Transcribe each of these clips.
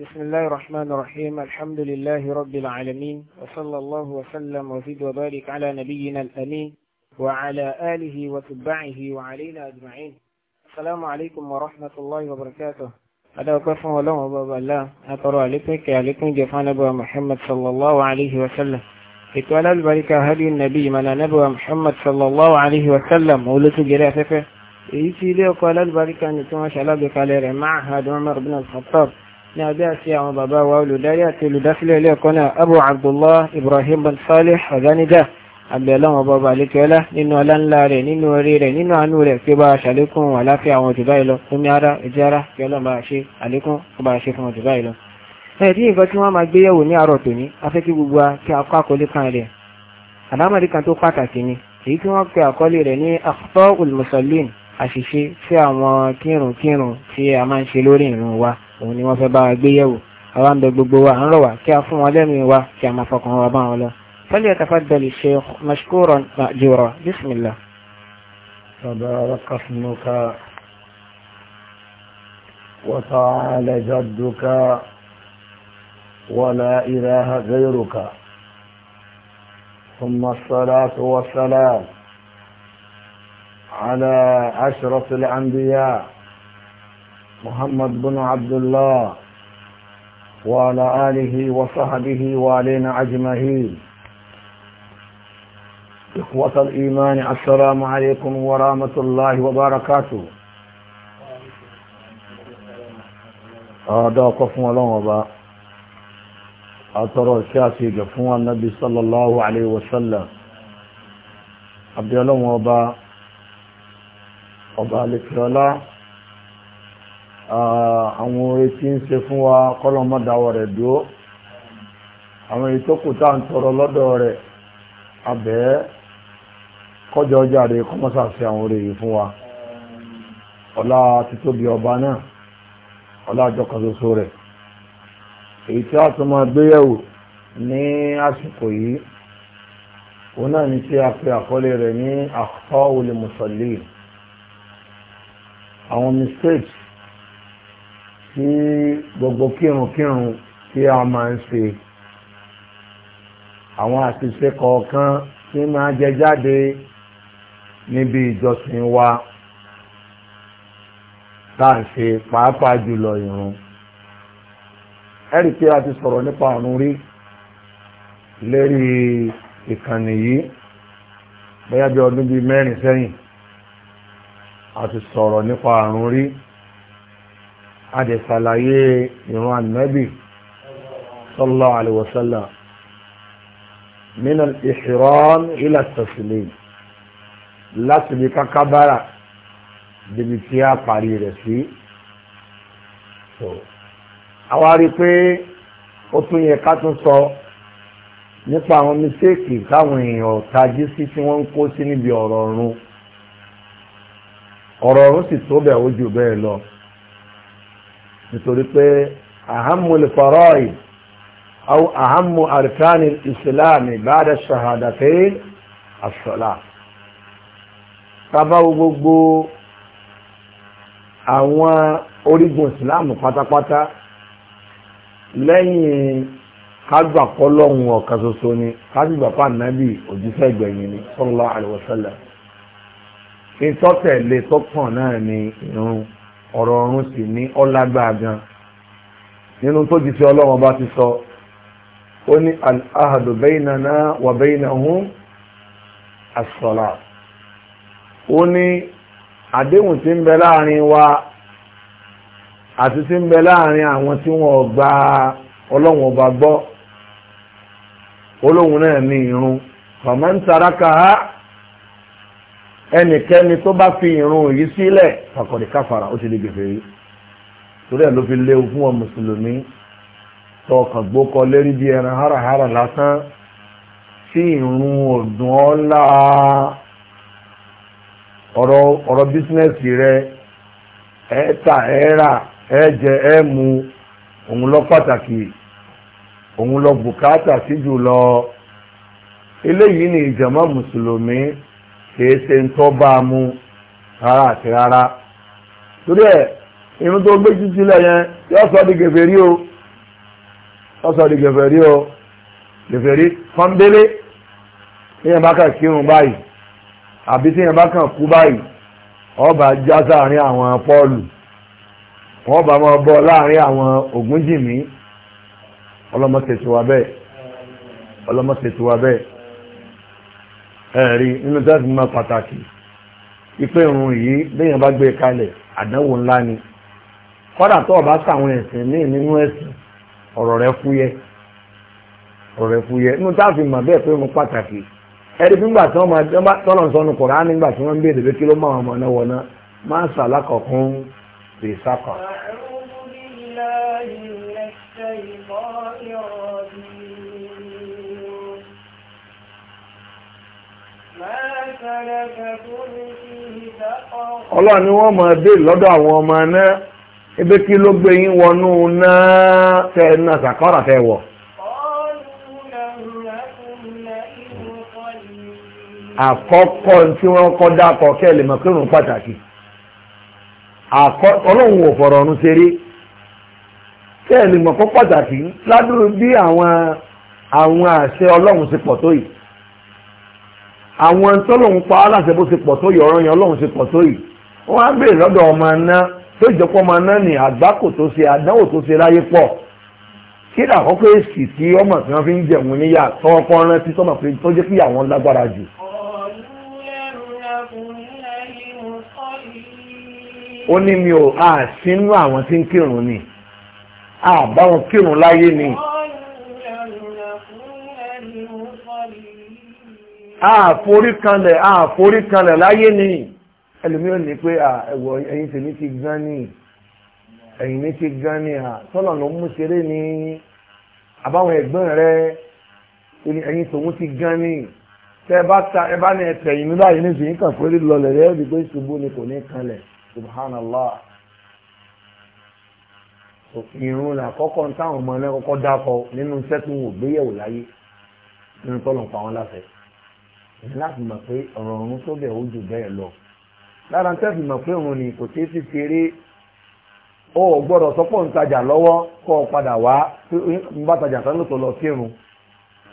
بسم الله الرحمن الرحيم الحمد لله رب العالمين وصلى الله وسلم وزيد وبارك على نبينا الأمين وعلى آله وتبعه وعلينا أجمعين السلام عليكم ورحمة الله وبركاته هذا كفن الله وبابا الله أترى عليكم عليكم جفان أبو محمد صلى الله عليه وسلم إتولى البركة هدي النبي من نبو محمد صلى الله عليه وسلم ولسو جريع سفه إيسي ليو قال البركة أن يتمشى لبك على رمعها دمر بن الخطاب ní abẹ́ àti àwọn bàbá wa olùdarí àti olùdásílẹ̀ ilé ẹ̀kọ́ náà abu abdullah ibrahim bin salih ọ̀gánidá àbẹ̀lọ́wọ̀n ọba balẹ̀kẹ́lá nínú ọláńlá rẹ̀ nínú orí rẹ̀ nínú àánú rẹ̀ pé bá ṣàlékún àláfíà àwọn òjò báyìí lọ fúnmi ara ìjẹ́ ara kí ọlọ́mà ṣe àlékún ọba ṣe fún òjò báyìí lọ. ẹ̀ tí nǹkan tí wọ́n máa gbé yẹ̀wò ní àárọ̀ tòní afẹ́ kí gbogbo kí akọ àkọlé kan rẹ̀ àdámọ̀dé kan tó pàtàkì ni èyí tí wọ́n pe àkọlé rẹ̀ ní akhtaul musallin àṣìṣe sí àwọn kírùnkírùn tí a máa ń ṣe lórí ìrun wa òun ni wọ́n fẹ́ bá wa gbé yẹ̀wò àwa ń bẹ gbogbo wa ń rọ̀ wá kí a fún wọn lẹ́mìí wa kí a máa fọkàn wa bá wọn lọ. فليتفضل الشيخ مشكورا مأجورا بسم الله تبارك اسمك وتعالى جدك ولا إله غيرك ثم الصلاة والسلام على أشرف الأنبياء محمد بن عبد الله وعلى آله وصحبه وعلينا أجمعين إخوة الإيمان السلام عليكم ورحمة الله وبركاته أعداء قفوا لهم وبا أترى الكاتي قفوا النبي صلى الله عليه وسلم أبدأ لهم وبا وبا لك الله àwọn orin tí ń se fún wa kọ́lọ́mọ́dáwọ̀ rẹ̀ dúó àwọn èyí tó kù tá ń tọrọ lọ́dọ̀ rẹ̀ abẹ́ kọjọ jáde kọ́mọ́sà sí àwọn fún wa ọlá títóbi ọba náà ọlá rẹ̀ èyí tí a tún máa gbéyẹ̀wò ní àsìkò yìí òun náà ní tí a tí gbogbo kírunkírun tí a máa ń ṣe àwọn àṣìṣe kọ̀ọ̀kan tí máa jẹ jáde níbi ìjọsìn wa tá à ń ṣe pàápàá jùlọ ìrun ẹ̀rí pé a ti sọ̀rọ̀ nípa ọ̀run rí lérí ìkànnì yìí bóyá bí ọdún bíi mẹ́rin sẹ́yìn a ti sọ̀rọ̀ nípa ọ̀run rí àdẹ̀sàlàyé ìran ànábì sallallahu alaihi wasallam min al-ihram ila at-taslim láti bí kákábára débi tí a parí rẹ̀ sí àwa rí pé ó tún yẹ ká tún sọ nípa àwọn mistéèkì táwọn èèyàn tají sí tí wọ́n ń kó sí níbi ọ̀rọ̀ ọ̀run ọ̀rọ̀ ọ̀run sì tó bẹ̀ ó jù bẹ́ẹ̀ lọ nítorí pé ahammul faraid aw ahammu arkanil islami ba'da shahadatain as-salat tábáwo gbogbo àwọn orígun islam pátápátá lẹ́yìn kágbà kọlọ́hun ọ̀kan ṣoṣo ni kágbà pàǹdàbí òjíṣẹ́ gbẹ̀yìn ni sallallahu alaihi wasallam ìtọ́tẹ̀lé tọ́kàn náà ni irun. ọ̀rọ̀ ọ̀run sì ní ọlágbára gan nínú tó ti ọlọ́run bá ti sọ ó ní al-ahdu baynana wa baynahum as ó ní àdéhùn ti ń bẹ láàrin wa àti ti ń bẹ láàrin àwọn tí ọba gbọ́ náà ní irun ha ẹnikẹ́ni tó bá fi irun yìí sílẹ̀ fàkọ̀dé káfàrà ó ti di gbèsè yìí torí ẹ̀ ló fi léwu fún wọn mùsùlùmí tọkàn gbókọ lérí bí ẹran háràhárà lásán tí irun ọ̀dùn ọ́lá ọ̀rọ̀ bísínẹ́sì rẹ ẹ ta ẹ rà ẹ jẹ ẹ mu òun lọ pàtàkì òun lọ bùkátà sí jùlọ eléyìí ni ìjàmá mùsùlùmí kìí ṣe ń tọ́ bá a mú rárá àti rárá torí ẹ̀ irun tó gbé títí lẹ̀ yẹn yóò sọ di gèfèrí o yóò sọ di gèfèrí o gèfèrí pọ́ńbélé téèyàn bá kàn kírun báyìí àbí téèyàn bá kàn kú báyìí ọba já sáàrin àwọn pọ́ọ̀lù wọ́n bá máa bọ́ láàrin àwọn ògúnjìmí ọlọ́mọ ṣètò wa bẹ́ẹ̀ ọlọ́mọ ṣètò wa bẹ́ẹ̀ ẹ̀rí nínú dáàbì máa pàtàkì ipe irun yìí léèyàn bá gbé e kalẹ̀ àdánwò ńlá ni kọ́dà tó ọba sàwọn ẹ̀sìn ní nínú ẹ̀sìn ọ̀rọ̀ rẹ̀ fúyẹ́ ọ̀rọ̀ rẹ̀ fúyẹ́ nínú dáàbì máa bẹ́ẹ̀ pé irun pàtàkì ẹ̀rí fúngbà tí wọ́n máa tọ́lọ̀ sọnù kọ̀ọ̀rọ̀ á nígbà tí wọ́n ń béèrè pé kí ló máa wọn mọ̀ náà wọ̀ sàlákọ̀ọ́kún lè sákọ̀ọ́. ọlọ́run ni wọ́n máa dé lọ́dọ̀ àwọn ọmọ náà ebe kí ló gbé yín wọnú náà tẹ náà sàkọ́rà tẹ wọ̀. àkọ́kọ́ tí wọ́n kọ́ dákọ̀ kẹ́ pàtàkì ọlọ́run ò fọ̀rọ̀ ọ̀run ṣeré mọ̀ pàtàkì ládùúgbò bí àwọn tọ́lọ́hún pa aláṣẹ bó ṣe pọ̀ tó yìí ọ̀rọ̀ yẹn ọlọ́run ṣe pọ̀ tó yìí wọ́n á béèrè lọ́dọ̀ ọmọ náà tó ìjọpọ̀ ọmọ náà ní àgbákò tó ṣe àdánwò tó ṣe láyé pọ̀ kí ni àkọ́kọ́ èsì tí ọmọ tí wọ́n fi ń jẹun níyà tọ́kọ́ rántí tọ́mọ pé tó jẹ́ kí àwọn lágbára jù. ó ní mi ò àṣínú àwọn tí ń kírun ni àbáwọn kírun láyé ni àforíkanlẹ̀ àforíkanlẹ̀ láyé ni ẹlòmíràn ní pé ẹ̀wọ̀ ẹ̀yin tèmi ti gán ni ẹ̀yin mi ti gán ni sọ́nà ló mú ṣeré ni àbáwọn ẹ̀gbọ́n rẹ ẹ̀yin tòun ti gán ni tẹ bá ta ẹ bá ní ẹtẹ yìí nígbà yìí níbi yìí kàn pé lọlẹ rẹ ẹbí pé ṣubú ni kò ní kanlẹ̀ subhanallah ìrun là kọ́kọ́ táwọn ọmọ ẹlẹ dákọ nínú iṣẹ́ tí wọn ò gbéyẹ̀wò láyé nínú tọlọ pa wọn láfẹẹ. láti mọ̀ pé ọ̀rọ̀ ọ̀run tó bẹ̀ ó jù bẹ́ẹ̀ lọ lára ń tẹ́sí mọ̀ pé òun ni kò fi ó gbọ́dọ̀ sọ́pọ̀ ń tajà lọ́wọ́ kọ́ ọ padà wá ń bá tajà tán tó lọ kírun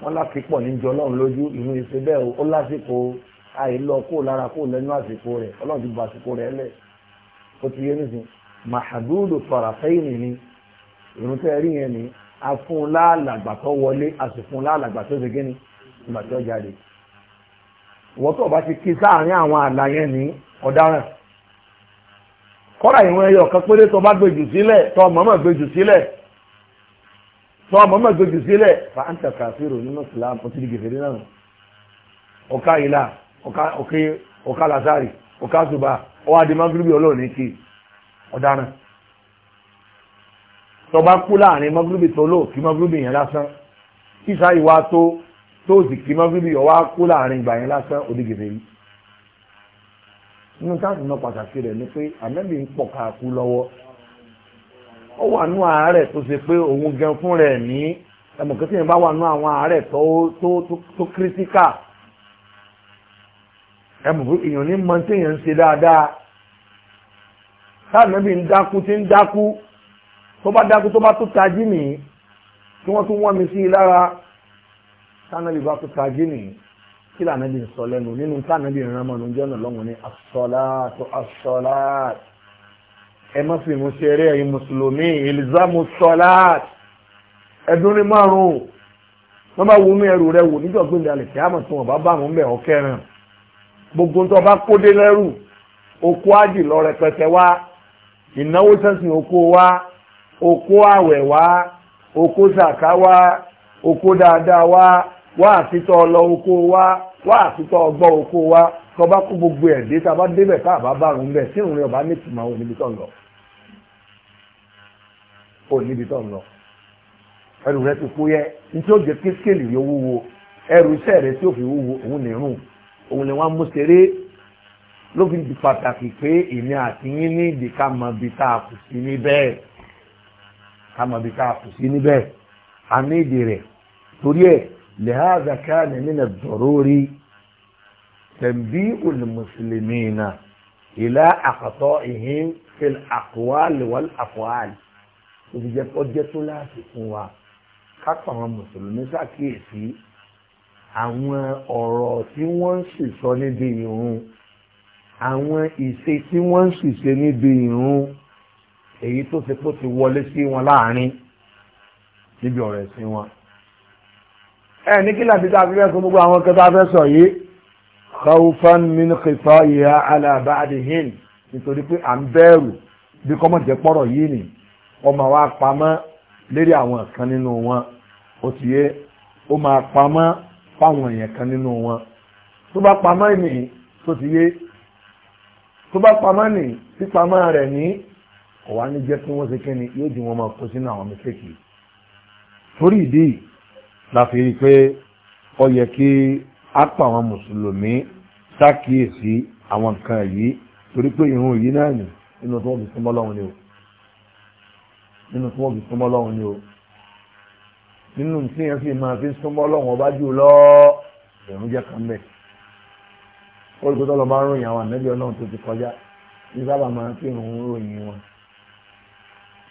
wọn láti pọ̀ níjọ ọlọ́run lójú ìṣe bẹ́ẹ̀ ó lásìkò àìlọ kó lára kó lẹ́nu àsìkò rẹ̀ ọlọ́run ti àsìkò rẹ̀ lẹ̀ ó ti yé nísìn ni ìrún tẹ́ rí yẹn ni afúnláàlàgbà tó wọlé àsìkò láàlàgbà tó ṣe ìgbà tó jáde. wọ́n tó bá ti kí sáàrin àwọn àlà yẹn ní ọ̀daràn kọ́ra ìwọ̀n ẹyọ kan péré tó bá gbèjù sílẹ̀ tó mọ̀mọ̀ gbèjù sílẹ̀ tó mọ̀mọ̀ gbèjù sílẹ̀ fàǹtà kàfírò nínú islam ó ti di gèfèrè náà ọ̀ka ìlà ọ̀ka làzari ọ̀ka zuba ọwọ́ adimagiribi kí ọ̀daràn tó bá kú láàrin tó lò kí tó sì kí mọ́gírí ọwá kó láàrin ìgbà yẹn lásán onígèrè yìí nínú táàtì náà pàtàkì rẹ̀ ni pé ànábì ń pọ̀ káàkú lọ́wọ́ ó wà nú àárẹ̀ tó ṣe pé òun gan fún rẹ̀ ní ẹmọ̀kẹ́tì yẹn bá wà nú àwọn àárẹ̀ tó kírítíkà ẹmọ̀ pé èèyàn ní mọ tí èèyàn ń ṣe dáadáa táàtì ń dákú tí ń dákú tó bá dákú tó bá tó tají nìyí tí wọ́n tún wọ́n mi sí i lára tánàbí bá tó ta gíní kí lànàbí ń sọ lẹ́nu nínú tánàbí ìran mọ́ lóúnjẹ́ náà lọ́wọ́ ní asọ́láàtò asọ́láàt ẹ má fi mú ṣeré ẹ̀yin mùsùlùmí ìlìzámù sọ́láàt ẹ̀dúnrín márùn-ún wọ́n bá wọnú ẹrù rẹ wò níjọ́ gbé ìdálẹ̀ kí á mọ̀ tí wọ́n bá bá àwọn ń bẹ̀ ọ́ kẹrin gbogbo tó bá kódé lẹ́rù okó ájì lọ rẹpẹtẹ wá ìnáwó sẹ́sìn okó wá okó àwẹ̀ wá okó sàká wá okó dáadáa wá wá àfitọ́ ọlọ oko wa wá àfitọ́ ọgbọ́ oko wa kọ́ bá kó gbogbo ẹ̀ dé tá a bá débẹ̀ tá a bá bá rùn bẹ̀ tí òun rẹ̀ ọba ní tìmọ̀ òun níbi tó ń lọ. òun níbi tó ń lọ. ẹrù rẹ ti kú yẹ ní tí ó jẹ kékeré yóò wúwo ẹrù iṣẹ́ rẹ tí ó fi wúwo òun nìrùn òun ni wọ́n mú ṣeré ló fi di pàtàkì pé èmi àti yín ní ìdí ká mọ ibi tá a kù sí níbẹ̀ ká mọ ibi tá a kù sí níbẹ̀ a ní ìdí rẹ̀ torí ẹ̀ لهذا كان من الضروري تنبيه المسلمين إلى أخطائهم في الأقوال والأفعال òjìjẹ́ ọjẹ́ tó láti fún wa kápá àwọn mùsùlùmí ṣàkíyèsí àwọn ọ̀rọ̀ tí wọ́n ń ṣìṣọ níbi ìrun àwọn ìṣe tí wọ́n ń ṣìṣe níbi ìrun èyí tó ṣe kó ti wọlé sí wọn láàrin níbi ọ̀rọ̀ ẹ̀sìn wọn ẹ ní kí làbí tàbí fẹ́ sọ gbogbo àwọn kẹta fẹ́ sọ yìí khawfan min qita'iha ala ba'dihin nítorí pé à ń bẹ̀rù bí kọ́mọ̀ jẹ́ pọ̀rọ̀ yìí ni ọmọ wa pamọ́ lérí àwọn kan nínú wọn ó ti yé ó máa pamọ́ fáwọn èèyàn kan nínú wọn tó bá pamọ́ ní tó ti yé tó bá pamọ́ ní pípamọ́ rẹ̀ ní kò ní jẹ́ kí wọ́n ṣe kí ni yóò ju wọn máa kó sínú àwọn mẹ́sẹ̀kì torí ìdí yìí láfi rí pé ó yẹ kí á pa àwọn mùsùlùmí ṣàkíyèsí àwọn nǹkan yìí torí pé ìrun yìí náà nì nínú tí wọ́n fi súnmọ́ lọ́hùn ni o nínú tí wọ́n fi súnmọ́ lọ́hùn ni o nínú tí yẹn fi máa fi súnmọ́ lọ́hùn ọba jù lọ ìrun jẹ́ kan bẹ́ẹ̀ olùkọ́ tó lọ bá ròyìn àwọn ànábì ọlọ́run tó ti kọjá ní sábà máa fi ìrun ròyìn wọn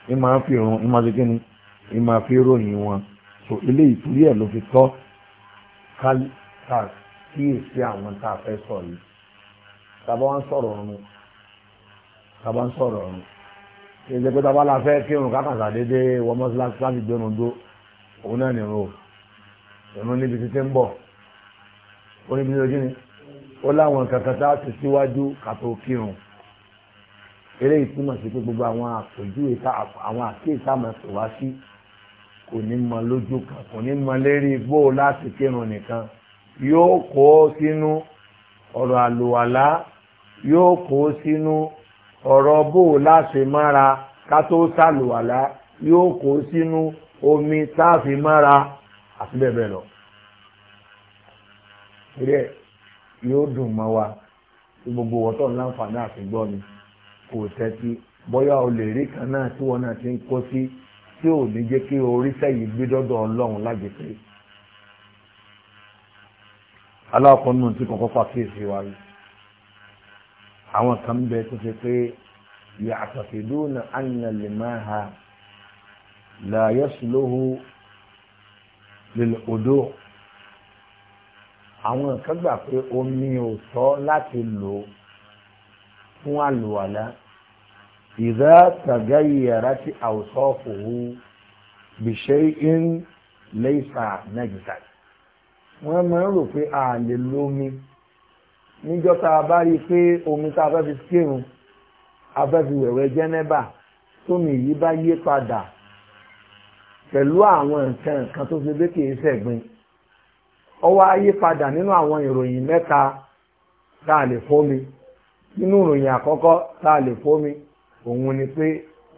ní máa ń fi ìrun ní máa ròyìn wọn so ilé ìtúrí ẹ̀ ló fi tọ́ ká kíyèsí àwọn tá a fẹ́ sọ yìí tàbá wọn sọ̀rọ̀ ọ̀run tàbá ń sọ̀rọ̀ ọ̀run kí ẹ̀jẹ̀ pé tàbá la fẹ́ kírun kákàtà dédé wọ́n mọ́sálásí láti gbénu dó òun náà nìrò ìrún níbi títí ń bọ̀ ó níbi títí ní ó láwọn kankan tá a ti síwájú kàtó kírun eléyìí túmọ̀ sí pé gbogbo àwọn àpèjúwe àwọn àkíyèsí àmọ̀ pè wá sí. Si kò ní mọ lójú kan kò ní mọ lérí igbó láti kírun nìkan yóò kó sínú ọ̀rọ̀ àlùwàlá yóò kó sínú ọ̀rọ̀ bó láti mára ká tó sàlùwàlá yóò kó sínú omi táàfin mára àti bẹ́ẹ̀ bẹ́ẹ̀ lọ rẹ yóò dùn mọ́ wa gbogbo wọ́tọ̀ láǹfààní àti gbọ́ mi kò tẹ́tí bóyá o lè rí kan náà tí wọ́n náà ti ń kó sí tí ò ní jẹ́ kí oríṣẹ́ yìí gbé dọ́dọ̀ ọlọ́run lágbègbè alákọ̀ọ́nù tí kọ̀ọ̀kan pàkíyèsí wa rí àwọn kan bẹ tó ṣe pé yàtọ̀fìdúnà àyìnà lè máa ha làyẹ̀sùlóhù lèlè odò àwọn kan gbà pé omi ò tọ́ láti lò fún àlùwàlá. إذا تغيرت أوصافه بشيء ليس نجسا wọ́n máa ń rò pé a lè lómi níjọ́ tá a bá rí i pé omi tá a fẹ́ fi kírun a fẹ́ fi wẹ̀wẹ̀ jẹ́nẹ́bà tómi yìí bá yé padà pẹ̀lú àwọn nǹkan nǹkan tó ṣe dékè sẹ̀gbìn ó wá padà nínú àwọn ìròyìn mẹ́ta tá a lè fómi nínú ìròyìn àkọ́kọ́ tá a lè fómi òun ni pé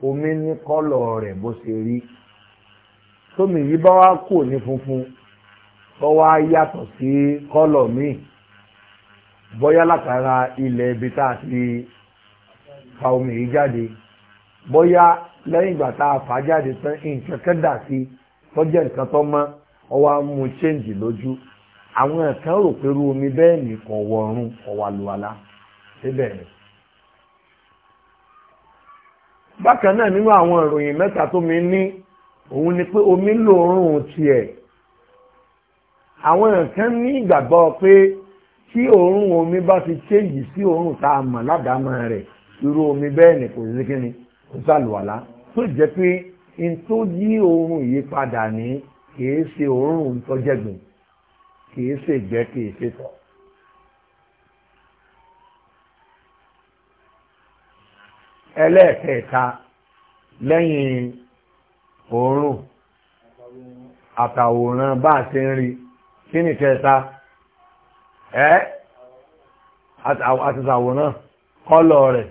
omi ní kọ́lọ̀ rẹ̀ bó ṣe rí tómi yìí bá wá kò ní funfun tó wá yàtọ̀ sí kọ́lọ̀ míì bóyá látara ilẹ̀ ibi tá a ti fa omi yìí jáde bóyá lẹ́yìn ìgbà tá a fà á jáde tán nǹkan kan dà sí tọ́jẹ́ nǹkan tó mọ́ ọwọ́ amú chẹ́ǹjì lójú àwọn kan rò pé omi bẹ́ẹ̀ ni kò wọ̀ọ̀run kò lùwàlà síbẹ̀ rẹ̀. bákan náà nínú àwọn ìròyìn mẹ́ta tó mi ní òun ni pé omi ń lò oorun tiẹ̀ àwọn nǹkan ní ìgbàgbọ́ pé tí oorun omi bá ti ṣéyìí sí oorun tá a mọ̀ ládàámọ̀ rẹ̀ irú omi bẹ́ẹ̀ ni kò sí kíni kò sàlùwàlá tó jẹ́ pé n tó yí oorun yìí padà ní kìí ṣe oorun tó jẹ̀gbìn kìí ṣe ìgbẹ́ kìí ṣe tọ̀. ẹlẹ́ẹ̀kẹta lẹ́yìn òórùn àtàwòrán bá ṣe ń rí kí ni kẹta ẹ́ àtàwòrán kọ́lọ̀ rẹ̀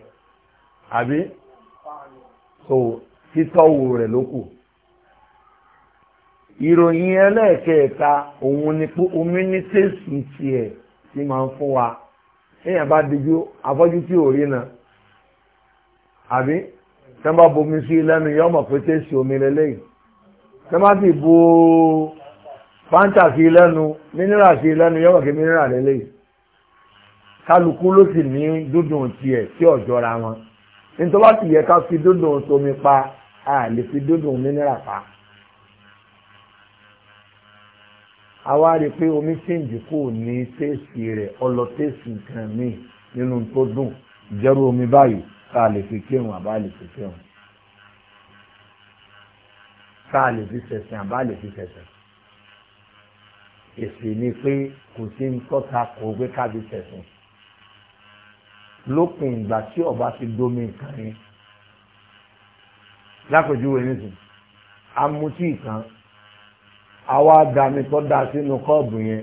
àbí so títọ́wò rẹ̀ ló kù ìròyìn ẹlẹ́ẹ̀kẹta òun ni pé omi ní tẹ̀sùn tiẹ̀ tí máa ń fún wa èèyàn bá dijú afọ́jú tí ò rí náà àbí tí wọ́n bá bomi sí lẹ́nu yọ mọ̀ pé tẹ́sí omi lélẹ́yìn tí wọ́n bá sì bo fanta sí lẹ́nu mínírà sí lẹ́nu yọ mọ̀ pé mínírà lélẹ́yìn kálukú ló sì ní dúdùn tiẹ̀ tí ọ̀jọ́ra wọn nítorí wọ́n sì yẹ ká fi dúdùn tómi pa a lè fi dúdùn mínírà pa. àwa rí i pé omi ṣèǹjì kò ní tẹ́sí rẹ̀ ọlọ́tẹ́sí nǹkan míì nínú tó dùn jẹ́rú omi báyìí sáà lè fi kírun àbá lè fi kírun sáà lè fi ṣẹ̀sìn àbá lè fi ṣẹ̀sìn èsì ni pé kò sí ń tọ́ta kò gbé kábi ṣẹ̀sìn lópin ìgbà tí ọba ti domi nǹkan yẹn lápèjúwe nísìnyí amutí ìkan àwa dami tó da sínú kọ́ọ̀bù yẹn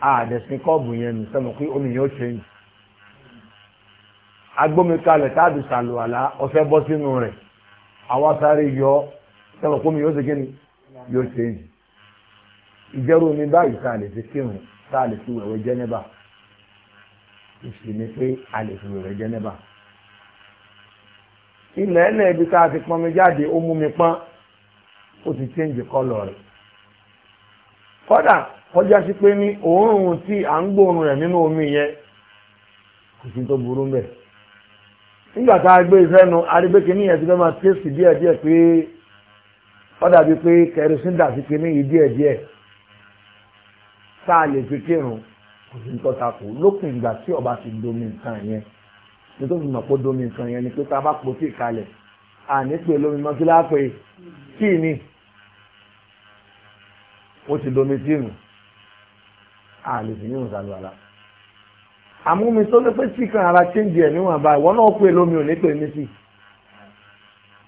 àdẹ̀sìn kọ́ọ̀bù yẹn nìsẹ́nu pé omi yẹn ó ṣe yìí agbómikalẹ̀ táàdù sàlùwàlá ọ̀fẹ́ bọ́ sínú rẹ̀ àwọn sáré yọ sẹ́wọ̀n kómi yóò ṣe kí ni yóò ṣe ń ìjẹ́rù mi báyìí tá a lè fi kírun tá a lè fi wẹ̀wẹ̀ jẹ́nẹ́bà ìsinmi pé a lè fi wẹ̀wẹ̀ jẹ́nẹ́bà ilẹ̀ ẹlẹ́ ibi tá a ti pọn mi jáde ó mú mi pọ́n ó ti change kọ́lọ̀ rẹ̀ kódà kọjá sí pé ní òórùn tí à ń gbóòórùn rẹ̀ nínú omi yẹn kò sí tó burú mẹ́rin nígbà tá a gbé ìfẹ́nu arígbéke ní ẹ̀sìn fẹ́ máa tẹ́sì díẹ̀díẹ̀ pé ó dàbí pé kẹrìsìn dàbí pé ní ìdíẹ̀díẹ̀ tá a lè fi kírun kò sí nǹkan takò lópin ìgbà tí ọba ti domi nǹkan yẹn nítorí mọ̀ pé domi nǹkan yẹn ni pé tá a bá po sí ìkalẹ̀ àní pé lómi mọ́ kí láàpẹ́ kí ni ó ti domi tìrù àlè fi yíyún sàlùwàlà àmúmi tó lé pé síkàn ara chéǹjì ẹ̀ níwọ̀n àbá ìwọ náà pè lómi ò ní pè mí sí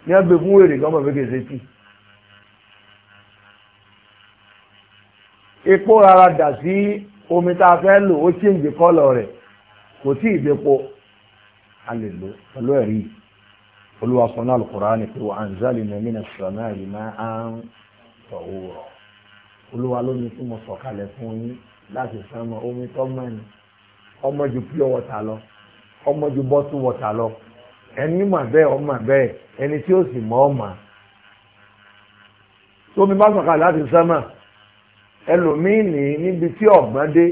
ní ẹgbẹ́ fún wèrè gọ́mọ̀ fẹ́ kèsè tì epo rárá dà sí omi tá a fẹ́ lò ó chéǹjì kọ́lọ̀ rẹ̀ kò tí ì depo a lè lò pẹ̀lú ẹ̀rí olúwa sọ náà lùkùránì pé wà ń zálì nàmí nà sàmà yìí máa ń tọ̀wọ̀ olúwa ló tí mo sọ̀kalẹ̀ fún yín láti sánmọ̀ omi tó mọ́ ọmọ ju pure water lọ ọmọ ju bottle water lọ ẹni mà bẹ́ẹ̀ ọmọ bẹ́ẹ̀ ẹni tí ó sì mọ̀ ọmọ tómi bá sọ̀kalẹ̀ láti sẹ́mà ẹlòmíì ní níbi tí ọ̀gbọ́n dé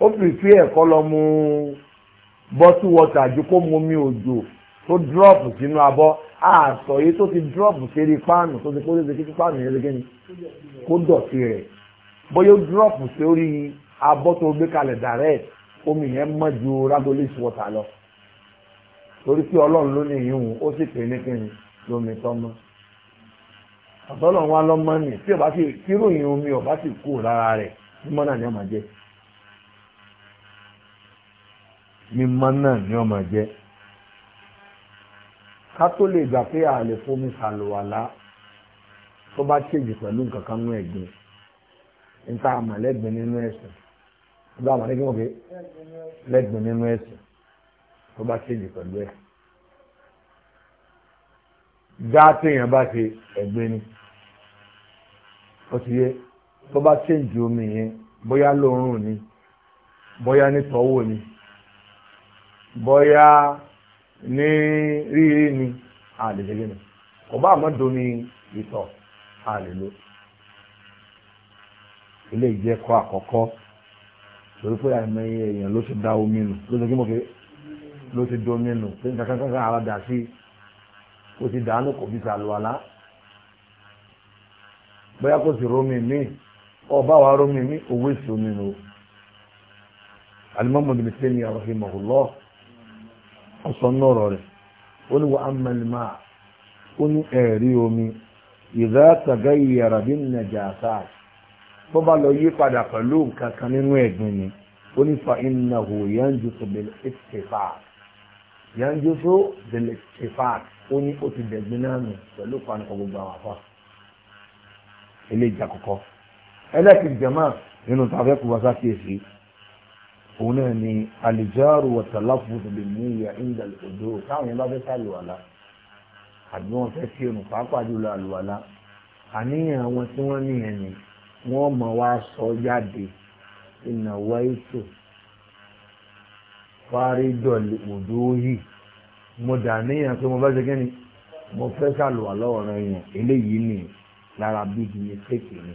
ó pìpì ẹ̀kọ́ lọ mu bottle water ju kó mu omi òjò tó dúrọ́ọ̀pù sínú abọ́ àtọ̀ yìí tó ti dúrọ́ọ̀pù sérí páànù tó ti kó lóde kíkí páànù yẹn lé kó dọ̀tí rẹ̀ bóyá ó dúrọ́ọ̀pù sórí abọ́ tó gbé kalẹ̀ direct omi yẹn mọ́ ju ragolis water lọ torí pé ọlọ́run ló ní ìyún ó sì pè é ní kíni lómi tọ́mọ́ àtọ́lọ̀ wa lọ́mọ ni tí ọba sì kíròyìn omi ọba sì kú lára rẹ̀ mímọ́ náà ni ọmọ jẹ́ mímọ́ náà ni ọmọ jẹ́ ká tó lè gbà pé a lè fomi ṣàlùwàlá tó bá ṣèjì pẹ̀lú nǹkan kan nú ẹ̀gbin níta àmọ̀lẹ́gbin nínú ẹ̀sìn bá àwọn ẹgbẹ́ òkè lẹ́gbẹ̀ẹ́ nínú ẹ̀sìn tó bá ṣe jù pẹ̀lú ẹ̀ dá téèyàn bá ṣe ẹ̀gbẹ́ ni ó ti yẹ tó bá ṣe jù omi yẹn bóyá lóorùn ni bóyá nítọ́wò ni bóyá ní rírí ni àlèjẹgẹ ni kò bá àmọ́dó ni ìtọ̀ àlèlò ilé ìjẹ́kọ̀ọ́ àkọ́kọ́ sọ̀rọ̀ pé àìmọye èèyàn ló ti da omi nù ló ti kí mo fi ló ti do omi nù pé nǹkan kankan ara dà sí kò ti dàánù kò fi sàlùwàlá bóyá kò sì romi míì ọba wa romi míì owó èsì omi nù alimami bin sẹ́ni rahimahullah ọ̀sán náà rọ̀ rẹ̀ ó ní wa amalima ó ní ẹ̀rí omi ìdá tagayyara bin najasat bó bá lọ yí padà pẹ̀lú nǹkan kan nínú ẹ̀gbìn ni ó ní fa innahu yanjusu bil ittifaq yanjusu bil ittifaq ó ní ó ti dẹ̀gbin náà nù pẹ̀lú panukọ gbogbo àwọn afọ eléjà kọ̀kọ́ ẹlẹ́kìn jama nínú tàbí kò wá sákìyèsí òun náà ni alìjáàrú wàtàláfùsù bil niyya inda al-wudu táwọn yẹn bá fẹ́ sálùwàlá àbí wọ́n fẹ́ sí ẹnu pàápàá jùlọ àlùwàlá àníyàn àwọn tí wọ́n níyẹn ni wọ́n mọ̀ wá sọ jáde ìnáwó ètò fárídọ̀lì òdó yìí mo dà níyàn pé mo bá ṣe kíni mo fẹ́ ṣàlùwà lọ́wọ́ rẹ yàn eléyìí ni lára bíbí ni kéèkì ni.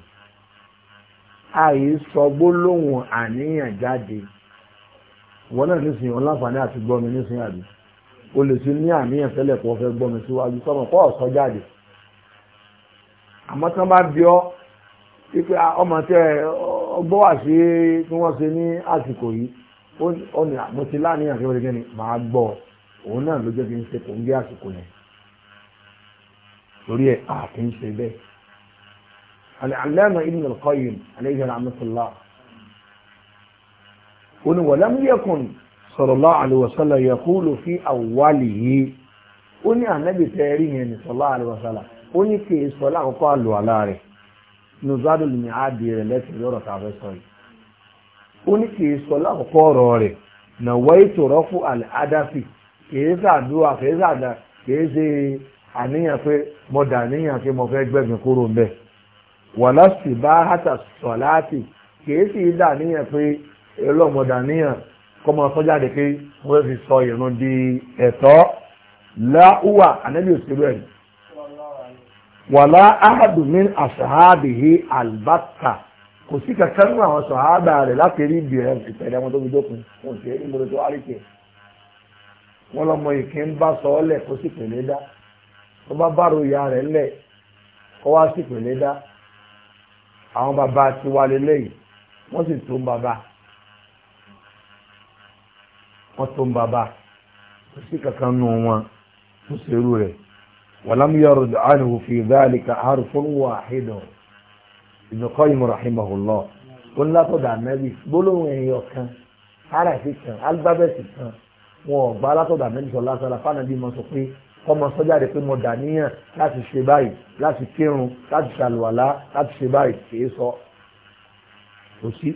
àì sọ gbólóhùn àníyàn jáde wọn náà nísìnyí ọláǹfààní àti gbọ́mi nísìnyí àbí o lè ti ní àníyàn tẹ́lẹ̀ kó o fẹ́ gbọ́mi síwájú sọ́mọ̀ kó o sọ jáde àmọ́ tí wọ́n bá bí ọ́ wípé ah, ọmọ tẹ ọgbọ́ wà sí tí wọ́n ṣe ní àsìkò yìí ó ní mo ti láàníyàn kí wọ́n ti gẹ́ni màá gbọ́ òun náà ló jẹ́ kí n ṣe kò ń gé àsìkò yẹn torí ẹ̀ àti ń ṣe bẹ́ẹ̀. Al-Allama Ibn al-Qayyim alayhi rahmatullah ó ní walam yakun sallallahu alayhi wa sallam yaqulu fi awwalihi ó ní ànábì tẹ́ rí yẹn ní sallallahu alayhi ó ní kì í sọ láàkọ́kọ́ àlùwàlá rẹ̀ nùzádùn ni àdì rẹ̀ lẹ́sìn lọ́rọ̀ tàbí sọ yìí ó ní kì í sọ lákòókò ọ̀rọ̀ rẹ̀ nà wáyé tòrọ́ fún àdáfì kì í sàdúrà kì í sàdà kì í ṣe àníyàn pé mo dà níyàn pé mo fẹ́ gbẹ̀mí kúrò mbẹ́ wàlá sì bá hàtà sọ̀láàtì kì í sì dà níyàn pé ẹlọ́mọdà níyàn kọ́mọ sọ́jáde pé mo fi sọ ìrun di ẹ̀tọ́ láhùwà ànábì òṣèlú ẹ̀yìn wàlá ahadu min asahabihi albatta kò sí kankan nínú àwọn sàhábà rẹ̀ láti rí ibi rẹ̀ ìtẹ̀lé wọn tó fi dókun wọn sì rí ìmọ̀lẹ́ tó wá wọn lọmọ ìkí ń bá sọ ọ́ kó sì pèlè dá tó bá bá ti wọn sì tó ń bàbá wọn tó ń bàbá kò sí kankan nínú wọn tó ṣerú ولم يرد عنه في ذلك حرف واحد ابن قيم رحمه الله قل لا تدع النبي بلو يوكا على فكرة الباب سكان wọn ọgbà látọ̀dà Ànábì sallallahu alaihi wasallam fánàbí mọ sọ pé kọmọ sọjáde pé mo dà níyàn láti ṣe báyìí láti kírun láti ṣàlùwàlá láti ṣe báyìí kìí sọ kò sí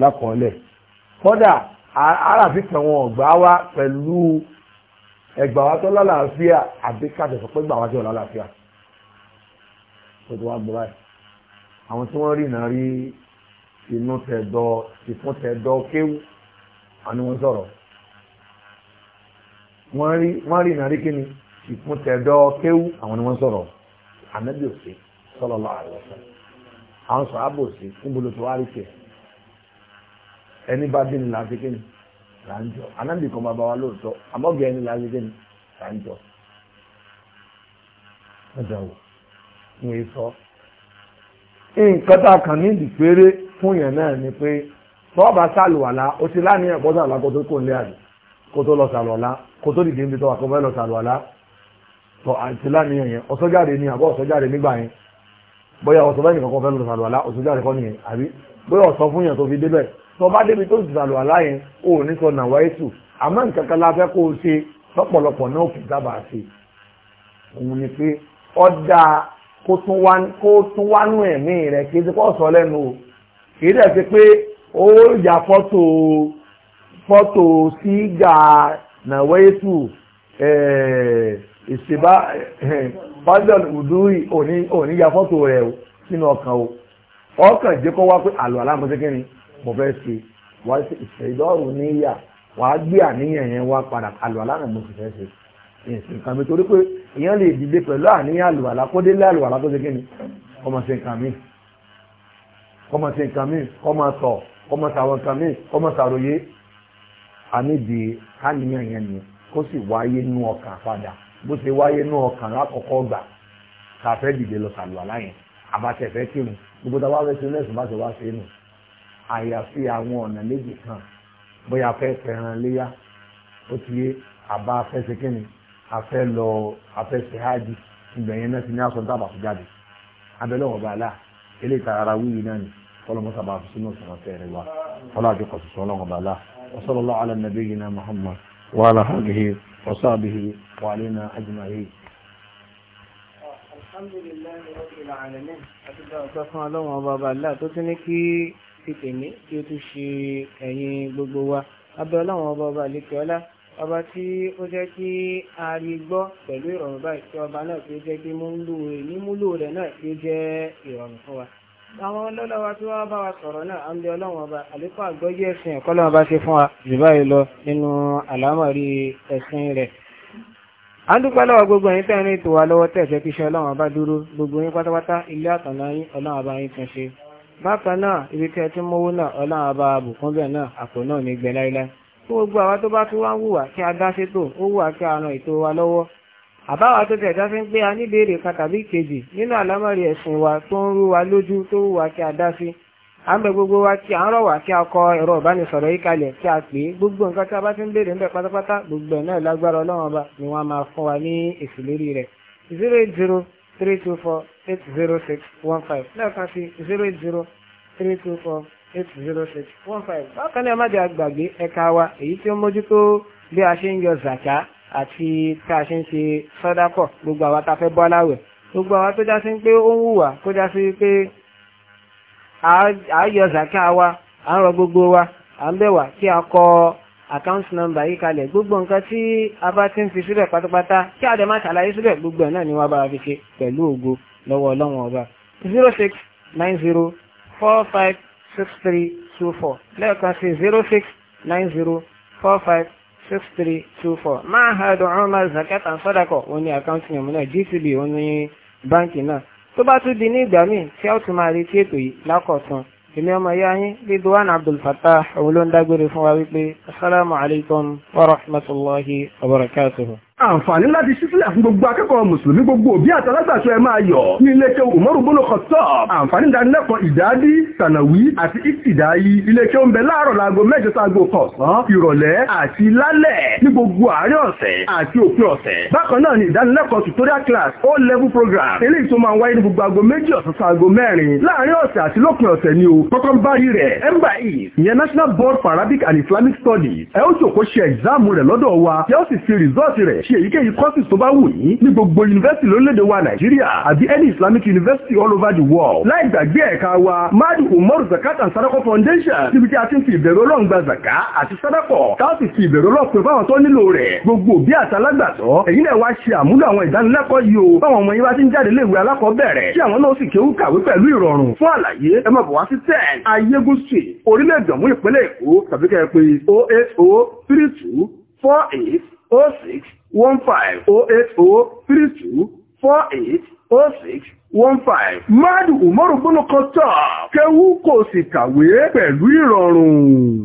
lákọọ́lẹ̀ kódà aráàfin kan wọn ọgbà wá pẹ̀lú ẹgbà wa tó lálàáfíà àbí káàtì sọ pé gbà wá tí ò lálàáfíà tó ti wá gbọ́ báyìí àwọn tí wọ́n rí náà rí inú tẹ̀dọ̀ ìfún tẹ̀dọ̀ kéwù àni wọ́n sọ̀rọ̀ wọ́n rí wọ́n rí náà rí kíni ìfún tẹ̀dọ̀ kéwù àwọn ni wọ́n sọ̀rọ̀ ànábì òsè sallallahu alaihi wasallam àwọn sọ̀rọ̀ àbòsè níbo ló ti wá rí tiẹ̀ ẹni bá dín ní làásìkíni sáńjọ anábì kan bàbá wa lóòótọ́ àmọ́gẹ̀ ẹni láyé dé ní sáńjọ. ọjà wò ń wé sọ. nǹkan tá a kàn ní ìdìpéré fún yẹn náà ni pé tọ́ọ̀bà sàlùwàlá ó ti láníyàn gbọ́dọ̀ àlá kó tó kó lé àlè kó tó lọ sàlùwàlá kó tó dìde níbi tó wà kó fẹ́ lọ sàlùwàlá tọ́ àti láníyàn yẹn ọ̀sọ́jáde ni àbọ̀ ọ̀sọ́jáde nígbà yẹn bóyá ọ̀sọ́ bẹ́ẹ̀ nìkan kó fẹ́ lọ sàlùwàlá ọ̀sọ́jáde kọ́ nìyẹn àbí bóyá ọ̀sọ́ fún yẹn tó fi débẹ̀ tó bá débi tó sì aláyẹn o ò ní sọ nàwa ètò àmọ́ nǹkan la fẹ́ kó o ṣe lọ́pọ̀lọpọ̀ náà kì í sábà ṣe òun ni pé ọ̀dà kó tún wánú ẹ̀mí rẹ̀ kì í sọ lẹ́nu o kì í dẹ̀ ṣe pé ó yà fọ́tò fọ́tò sígà nàwa ètò ìṣèbá bájọ́n ìdúrí òní ya fọ́tò rẹ̀ sínú ọkàn o ọkàn jẹ́ kó wá pé àlọ́ aláàmọ́sẹ́kẹ́rin mo fẹ́ ṣe wá sí ìṣèdọ́rù níyà wàá gbé àníyàn yẹn wá padà àlùwàlá náà mo sì fẹ́ ṣe ìsìn nǹkan mi torí pé èèyàn lè dìde pẹ̀lú àníyàn àlùwàlá kó délé àlùwàlá tó ṣe kí ni kọ́mọ ṣe nǹkan mi kọ́mọ ṣe nǹkan mi kọ́mọ sọ kọ́mọ ṣàwọn nǹkan mi kọ́mọ ṣàròyé àníbi káníyàn yẹn ni kó sì wáyé nú ọkàn padà bó ṣe wáyé nú ọkàn lákọ̀ọ́kọ́ gbà ká fẹ́ dìde lọ ṣàlùwàlá yẹn àbátẹ̀fẹ́ kírun gbogbo tá fẹ́ ṣe lẹ́sùn bá wá ṣe é nù àyàfi àwọn ọ̀nà méjì kan bóyá a fẹ́ fẹ́ràn léyà ó ti yé àbá afẹ́sẹ̀ kínní afẹ́ lọ afẹ́sẹ̀ háàjì ìgbà yẹn náà ti ní aṣọ dábàá fún jáde abẹ́lẹ́ wọn bàálà eléyìí tá ara wíyì náà ni fọlọ́mọ́ sábà fi sínú ìṣẹ̀wọ̀n fẹ́rẹ̀ wa fọlọ́ àjọkọ̀ ṣoṣo ọlọ́wọ́n bàálà wasalọ́lá alẹ́ nàbẹ́yìn náà Muhammad وعلى آله وصحبه وعلينا أجمعين الحمد لله رب العالمين أتبع أصفى الله وبابا الله تتنكي ti tèmi kí ó tún ṣe ẹ̀yin gbogbo wa abẹ́ ọlọ́run ọba ọba àlékè ọlá ọba tí ó jẹ́ kí a rí gbọ́ pẹ̀lú ìrọ̀rùn báyìí tí ọba náà tí ó jẹ́ kí múlò nímúlò rẹ̀ náà tí ó jẹ́ ìrọ̀rùn fún wa àwọn ọlọ́lọ́wà tí wọ́n bá wa sọ̀rọ̀ náà àmì ọlọ́run ọba àlékún àgbọ́yé ẹ̀sìn ẹ̀kọ́ lọ́wọ́ bá ṣe fún wa jù báyìí lọ nínú àlámọ̀rí ẹ̀sìn rẹ̀ a ń dúpẹ́ lọ́wọ́ gbogbo ẹ̀yin tẹ́rin ètò wa lọ́wọ́ tẹ̀sẹ̀ kíṣẹ́ ọlọ́run ọba dúró gbogbo yín pátápátá ilé àtànáyín ọlọ́run ọba yín tún bákan náà ibi tí ẹ ti mówó náà ọlọ́run ọba àbùkún bẹ̀ náà àpò náà ní gbẹ láíláí fún gbogbo àwa tó bá tún wá ń wùwà kí a dá sétò ó wùwà kí a ran ètò wa lọ́wọ́ àbáwa tó tẹ̀dá fi ń pé a níbèrè kan kejì nínú àlámọ̀rí ẹ̀sìn wa tó ń rú wa lójú tó wùwà kí a dá sí ń bẹ gbogbo wa kí à ń rọ̀ wá kí a kọ ẹ̀rọ ìbánisọ̀rọ̀ yìí kalẹ̀ kí a pè é gbogbo nǹkan tí a bá ti ń béèrè ńbẹ pátápátá gbogbo ẹ̀ náà lágbára ọlọ́run ọba ni wọ́n máa fún wa ní èsì lórí rẹ̀ zero eight zero three two four eight zero six one five lẹ́ẹ̀kan sí zero eight zero three two four eight zero six one five. bákan náà má jẹ́ àgbàgbé ẹ̀ka wa èyí tí ó mójútó bí a ṣe ń yọ zàká àti tá a ṣe ń ṣe sọ́dákọ̀ gbogbo àwa tá a fẹ́ bọ́ aláwẹ̀ gbogbo àwa tó já sí pé ó ń wùwà tó já sí pé à ń yọ zàká wa à ń rọ gbogbo wa à ń bẹ̀ wá kí a kọ account number yìí kalẹ̀ gbogbo nǹkan tí a bá ti ń fi sílẹ̀ pátápátá kí a dẹ̀ má ṣàlàyé sílẹ̀ gbogbo ẹ̀ náà ni wọ́n bá fi ṣe pẹ̀lú ògo lọ́wọ́ ọlọ́run ọba zero six nine zero four five six three two four lẹ́ẹ̀kan sí zero six nine zero four five six three two four máa ha ẹ̀dùn ọ̀run máa zakat and sọ́dàkọ̀ òun ni àkáǹtì yẹn mú náà GTB òun ni báǹkì náà tó bá tún di ní ìgbà míì tí a ó tún máa retí ètò yìí lákọ̀ọ̀tún èmi ọmọ ìyá yín Ridwan Abdul Fattah òun ló ń dágbére fún wa wípé asalaamu wa rahmatulahi wa barakatuhu àǹfààní láti ṣísílẹ̀ fún gbogbo akẹ́kọ̀ọ́ mùsùlùmí gbogbo òbí àtàlágbàṣọ ẹ máa yọ̀ ní iléeṣẹ́ Umaru bolo Khattab àǹfààní ìdánilẹ́kọ̀ọ́ ìdádí sànàwí àti ìtìdáyí iléeṣẹ́ oúnjẹ láàárọ̀ láago mẹ́jọ sáago kọ̀ọ̀sán ìrọ̀lẹ́ àti lálẹ́ ní gbogbo àárín ọ̀sẹ̀ àti òpin ọ̀sẹ̀ bákan náà ni ìdánilẹ́kọ̀ọ́ tutorial class o level program eléyìí tó máa wáyé ní gbogbo aago méjì ọ̀sán sáago mẹ́rin láàárín ọ̀sẹ̀ àti lópin ọ̀sẹ̀ ni o kọ́kọ́ bárí rẹ̀ emba east ìyẹn national board for arabic and islamic studies ẹ ó jòkó ṣe ẹ̀gzáàmù rẹ̀ lọ́dọ̀ wa ẹ ó sì fi rìsọ́ọ̀tì rẹ̀ ṣe èyíkéyìí courses tó bá wù yín ní gbogbo yunifásitì lórílẹ̀‐èdè wa nàìjíríà àbí any islamic university all over the world láì gbàgbé ẹ̀ka wa madu umaru zakat and sadako foundation níbi tí a ti ń fi ìbẹ̀rù ọlọ́run gba zaka àti sadako tá a sì fi ìbẹ̀rù ọlọ́run pè fáwọn tó nílò rẹ̀ gbogbo òbí àti alágbàtọ́ èyí náà wá ṣe àmúlò àwọn ìdánilẹ́kọ̀ọ́ yìí o báwọn ọmọ yín bá ti ń jáde léèwé alákọ̀ọ́bẹ̀rẹ̀ tí àwọn náà sì kéwú kàwé pẹ̀lú ìrọ̀rùn fún àlàyé ẹ máa bọ̀ wá sí ten ayégún 06 15 080 32 48 06 15. Máàdù Umaru Bọ́nà Kọ́tà kéwú kò sì kàwé pẹ̀lú ìrọ̀rùn.